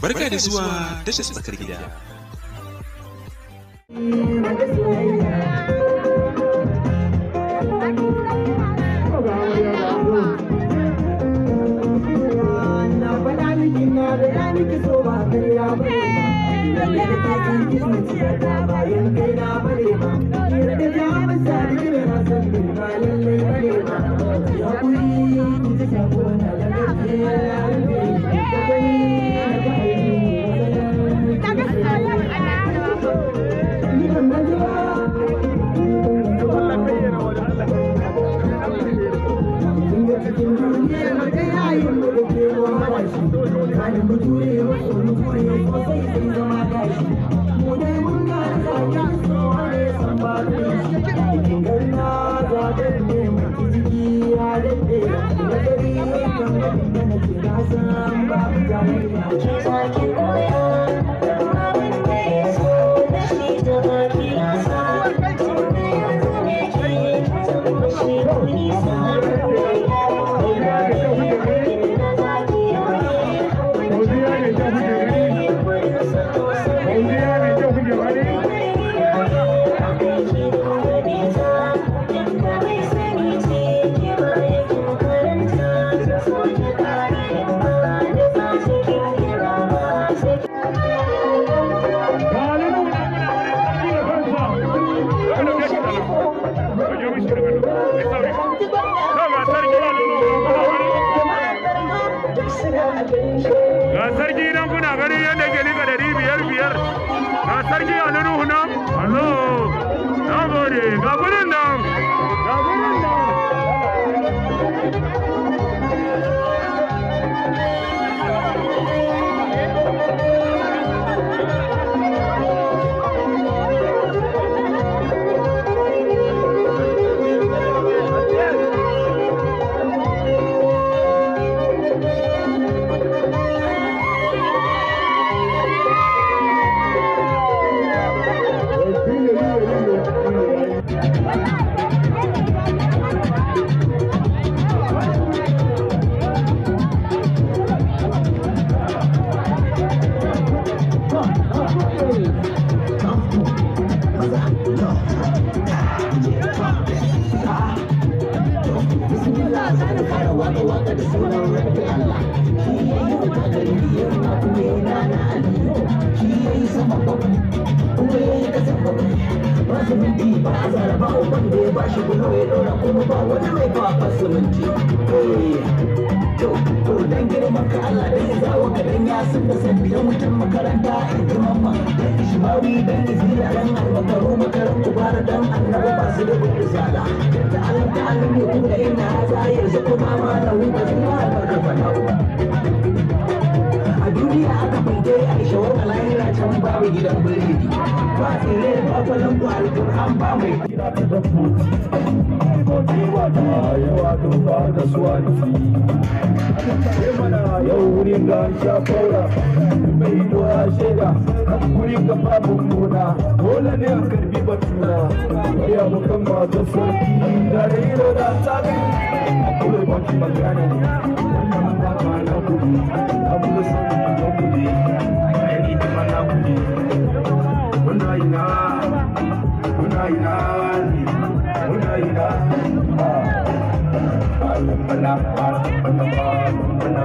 Barka da zuwa tashar tsakar gida. Thank da ke ruwan madashi kanin bature zama gashi mu dai mun ga zaki san ba ya daɗe da gari kan da nake na ba mu ga sarki idan kuna ganin yadda ke nika da biyar waka waka da sunan rabbi Allah shi ya yi wuta gari biyar ma kuma shi da yi a zara ba da kyau to dan girman ka Allah dan zawo ka ya sun da san biyan mutum makaranta in girmama dan ishmawi dan izira dan da makaran kubara dan annabi ba su da gudu sala da Allah da Allah ne kuma ina za yanzu kuma ma na wuce kuma albarka A duniya aka fante a shawar alayira can babu gidan birni. ba tsere ba falon ku ba mai gida ta dabbobi ko ta yawa duba da suwanci ga shafura mai nuwa shaida hankuri ga babin muna dole ne a karbi batuna ya mukan masu sarki da rero da sabi a kula baki magana wannan ba ma na ma na